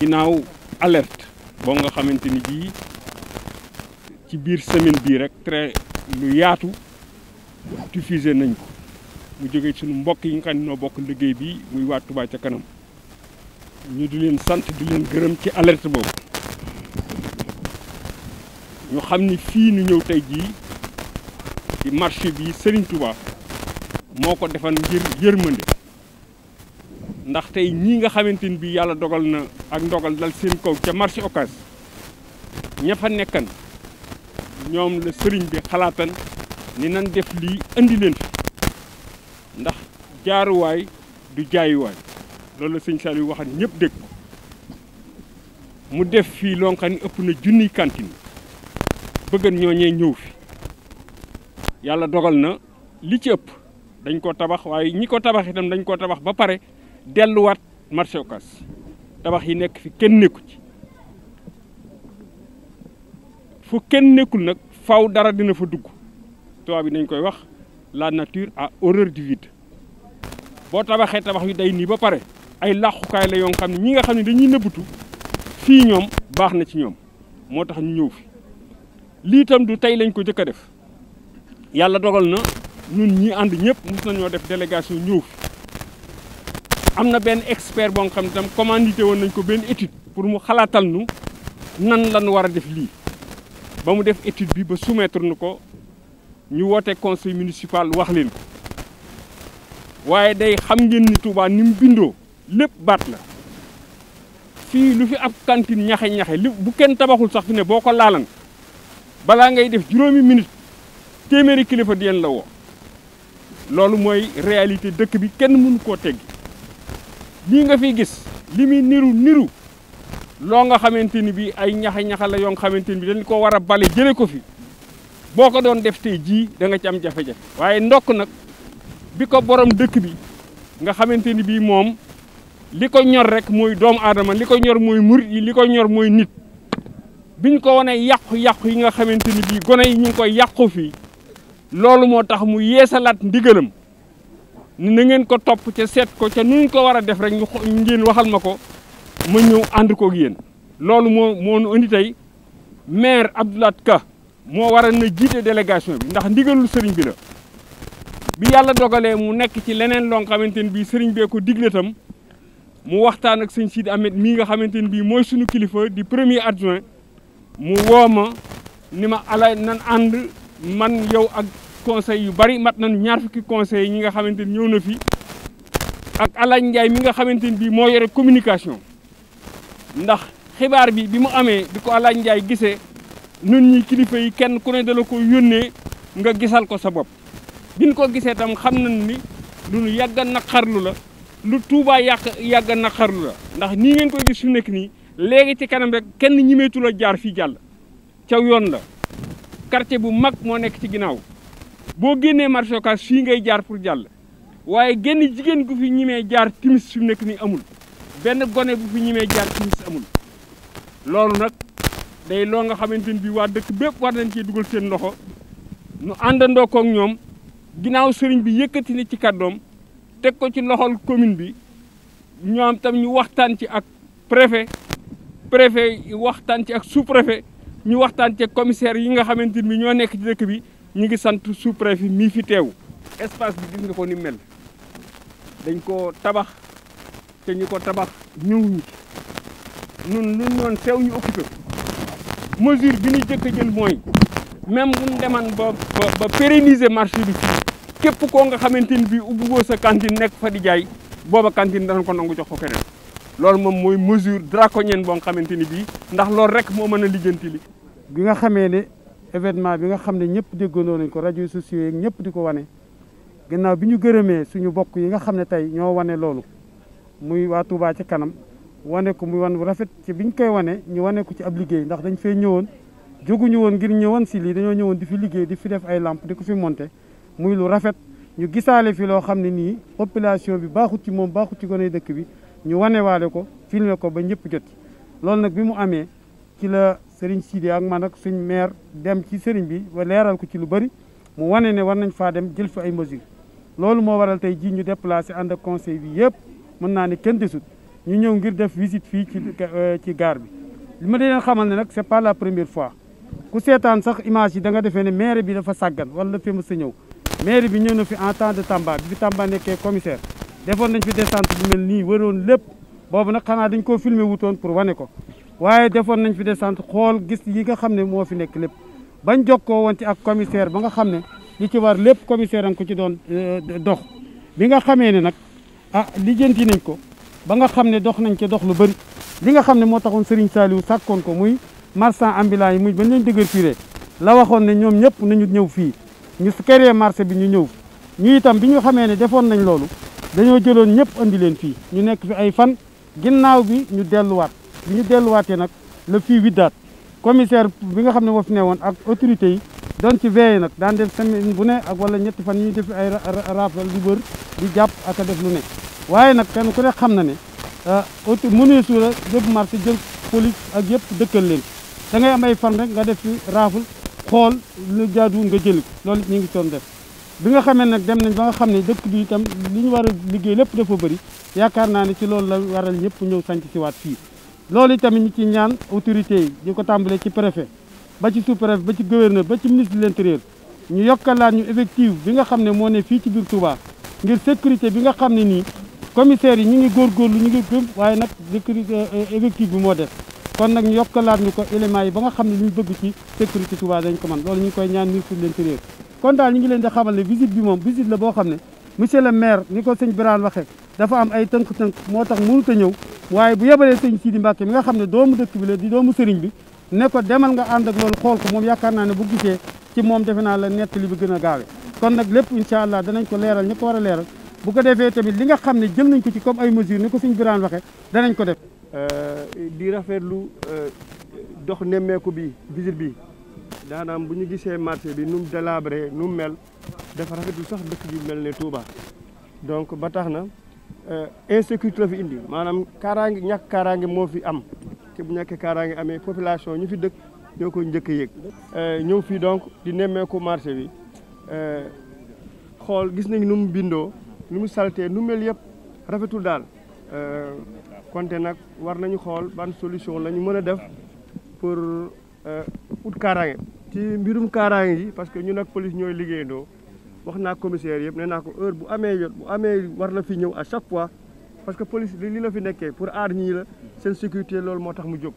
ginnaaw alert boo nga xamante ni bii ci biir semaine bii rek très lu yaatu diffusé nañ ko mu jógee suñu mbokk yi nga xam ne noo bokk liggéey bi muy waa Touba ca kanam ñu di leen sant di leen gërëm ci alerte boobu ñu xam ni fii nu ñëw tey jii ci marché bi Serigne Touba moo ko defan ngir yërmande ndax tey ñii nga xamante ni bii yàlla dogal na ak ndogal dal seen kaw ca marché Ocass ña fa nekkan ñoom la sëriñ bi xalaatan ni nan def lii indi leen fi ndax jaaruwaay du jaayuwaay loolu la sëñ waxan ñëpp dégg mu def fii loo xam ëpp na junniy cantine bëggan ñooñee ñëw fi yàlla dogal na li ci ëpp dañ koo tabax waaye ñi ko tabax itam dañ ko tabax ba pare delluwaat marché Ocass tabax yi nekk fi kenn nekku ci fu kenn nekkul nag faw dara dina fa dugg tubaab bi nañ koy wax la nature a horreur du vide boo tabaxee tabax yu day nii ba pare ay làqukaay la yoo xam ne ñi nga xam ne dañuy nëbbutu fii ñoom baax na ci ñoom moo tax ñu ñëw fi lii tam du tey lañ ko jëkk a def yàlla dogal na ñun ñi ànd ñëpp mos nañoo def délégation ñëw fi am na benn expert boo xam tam commandité woon nañ ko benn étude pour mu xalaatal nu nan lañu war a def lii ba mu def étude bi ba soumettre nu ko ñu woote conseil municipal wax leen ko waaye day xam ngeen ni Touba ni mu bindoo lépp baat la fii lu fi ab cantine ñaxe-ñaxe li bu kenn tabaxul sax fi ne boo ko laalan balaa ngay def juróomi minute téeméeri kilifa di leen la woo loolu mooy réalité dëkk bi kenn mënu koo teggi lii nga fi gis li muy niru niru loo nga xamante ni bii ay ñaxa-ñaxa la yoo nga xamante ni bi dañ ko war a bale jële ko fi boo ko doon def tey jii danga nga ci am jafe-jafe waaye ndokk nag bi ko borom dëkk bi nga xamante ni bii moom li ko ñor rek mooy doomu aadama li ko ñor mooy murit yi li ko ñor mooy nit biñ ko wane yàqu-yàqu yi nga xamante ni bii gone yi ñu ngi koy yàqu fii loolu moo tax mu yeesalaat ndigalam na ngeen ko topp ca seet ko ca nu ko war a def rek ñu ngeen waxal ma ko ma ñëw ànd koog yéen loolu moo moo nu indi tey maire Abdoulaat Ka moo waral na jiite délégation bi ndax ndigalul sëriñ bi la bi yàlla dogalee mu nekk ci leneen loo xamante ne bii sëriñ bee ko digle tam mu waxtaan ak sëñ Sidi Ahmed mii nga xamante ne bii mooy suñu kilifa di premier adjoint mu woo ma ni ma ala nan ànd man yow ak conseil yu bari mat nañu ñaar fukki conseil ñi nga xamante ni ñëw na fi ak Alaaji Njaay mi nga xamante ni bii moo yore communication ndax xibaar bi bi mu amee di ko Alaaji Njaay gisee nun ñi kilifa yi kenn ku ne dala ko yónnee nga gisal ko sa bopp biñ ko gisee tam xam na ni lu nu yàgg a naqarlu la lu Tuubaa yàq yàgg a naqarlu la ndax nii ngeen koy gis su nekk nii léegi ci kanam rek kenn ñimeetu la jaar fii jàll ca yoon la quartier bu mag moo nekk ci ginnaaw boo génnee marché Ocass fii ngay jaar pour jàll waaye génn jigéen gu fi ñimee jaar timis fi nekk nii amul benn gone bu fi ñimee jaar timis amul loolu nag day loo nga xamante ni bii waa dëkk bépp war nañ cee dugal seen loxo nu àndandoo koog ñoom ginnaaw sëriñ bi yëkkati na ci kàddoom teg ko ci loxol commune bi ñoom tam ñu waxtaan ci ak préfet préfet waxtaan ci ak sous préfet ñu waxtaan ci ak yi nga xamante ni bi ñoo nekk ci dëkk bi ñu ngi sant sous-préfet mii fi teew espace bi gis nga ko mel dañ ko tabax te ñu ko tabax ñëw ñu nun lun noon seew ñu occupé mesure bi ñu jëkk a jël mooy même buñ deman ba ba pérenniser marché bi fii képp koo nga xamante ni bii ubbugoo sa cantine nekk fa di jaay booba kantin danañ ko nangu jox ko keneen lool moom mooy mesure draconienne boo nga xamante ni bii ndax loolu rek moo mën a lijjanti li bi nga xamee ne événement bi nga xam ne ñëpp déggandoo nañ ko rajo sociaux yeeg ñëpp di ko wane gannaaw bi ñu gërëmee suñu bokk yi nga xam ne tey ñoo wane loolu muy waa Touba ci kanam wane ko muy wan bu rafet ci bi ñu koy wane ñu wane ko ci ab liggéey ndax dañ fee ñëwoon jóguñu ngir ñëwoon si lii dañoo ñëwoon di fi liggéey di fi def ay làmp di ko fi monter muy lu rafet ñu gisaale fi loo xam ne nii population bi baaxut ci moom baaxut ci kon gone dëkk bi ñu wane wanewaale ko filmer ko ba ñëpp jot loolu nag bi mu amee ci la. sëriñ Sidi ak man ak suñ maire dem ci sëriñ bi ba leeral ko ci lu bëri mu wane ne war nañ faa dem jël fi ay mesures loolu moo waral tey jii ñu déplacé ànd ak conseil bi yëpp mën naa ne kenn desut ñu ñëw ngir def visite fii ci euh, ci gare bi. lu ma leen xamal ne nag c'est pas la première fois ku seetaan sax image yi da nga defee ne maire bi dafa sàggan wala dafa mës a ñëw bi ñëw na fi en temps de Tamba bi fi Tamba nekkee commissaire defoon nañ fi descente bu mel nii boobu nag xanaa dañ koo filmer wutoon pour wane ko. waaye defoon nañ fi descente xool gis yi nga xam ne moo fi nekk lépp bañ jokkoo woon ci ak commissaire ba nga xam ne li ci war lépp commissaire am ko ci doon euh, dox bi nga xamee ne nag ah lijjanti nañ ko ba nga xam ne dox nañ ca dox lu bëri li nga xam ne moo taxoon Serigne Saliou sàkkoon ko muy marchand ambulant muy bañ leen dëgër firé la waxoon ne ñoom ñëpp nañu ñëw fii ñu créé marché bi ñu ñëw ñu itam bi ñu xamee ne defoon nañ loolu dañoo jëloon ñëpp andi leen fii ñu nekk fi ay fan ginnaaw bi ñu delluwaat bi ñu delluwaatee nag le fii widdaat commissaire bi nga xam ne moo fi woon ak autorité yi doon ci veillé nag daan def semaine bu ne ak wala ñetti fan ñuy def ay rappel du bër di jàpp ak def lu ne waaye nag kenn ku ne xam na ne euh, auto mënee suura yëpp marché jël police ak yëpp dëkkal leen da ngay am ay fan rek nga def fi raaful xool lu jaaduwul nga jëli ko loolu ñu ngi doon def bi nga xamee nag dem nañ ba nga xam ne dëkk bi itam li ñu war a liggéey lépp dafa bëri yaakaar naa ne ci loolu la waral ñëpp ñëw sanc si fii loolu tamit ñi ci ñaan autorité yi ñu ko tàmbalee ci préfet ba ci sous-préfet ba ci gouverneur ba ci ministre de l'intérieur ñu yokkalaat ñu effectif bi nga xam ne moo ne fii ci biir Touba ngir sécurité bi nga xam ne nii commissaires yi ñu ngi góorgóorlu ñu ngi gëm waaye nag sécurité euh, effectif bi moo def kon nag ñu yokkalaat ñu ko éléments yi ba nga xam ne li ñu bëgg ci sécurité Touba dañ ko mën loolu ñu ngi koy ñaan ministre de l'intérieur kon daal ñu ngi leen di xamal ne visite bi moom visite la boo xam ne monsieur le maire ni ko sëñ Birane waxee dafa am ay tënk-tënk moo tax mënut a ñëw waaye bu yebalee sëñ Sidi Mbacke bi nga xam ne doomu dëkk bi la di doomu sëriñ bi ne ko demal nga ànd ak loolu xool ko moom yaakaar naa ne bu gisee ci moom defe naa la nettali bi gën a gaawe kon nag lépp incha allah danañ ko leeral ñi ko war a leeral bu ko defee tamit li nga xam ne jël nañ ko ci comme ay mesures ni ko suñ biraan waxee danañ ko def euh, di rafet rafetlu euh, dox nemmeeku bi visite bi daanaam bu ñu gisee marché bi nu mu délabré nu mu mel dafa rafetlu sax dëkk bi mel ne Touba donc ba na Euh, insécurité la fi indi maanaam kaaraange ñàkk kaaraange moo fi am te bu ñàkkee kaaraange amee population ñu fi dëkk ñoo ko njëkk a yëg. Euh, ñëw fii donc di nemmeeku marché bi euh, xool gis nañ nu mu bindoo nu mu saltee nu mel yëpp rafetul daal konte nag war nañu xool ban solution la mën a def pour ut kaaraange. ci mbirum kaaraange yi parce que ñun nag police ñooy liggéeyandoo. wax naa commissaire yëpp nee naa ko heure bu amee jot bu amee war na fi ñëw à chaque fois parce que police li la fi nekkee pour aar ñii la seen sécurité loolu moo tax mu jóg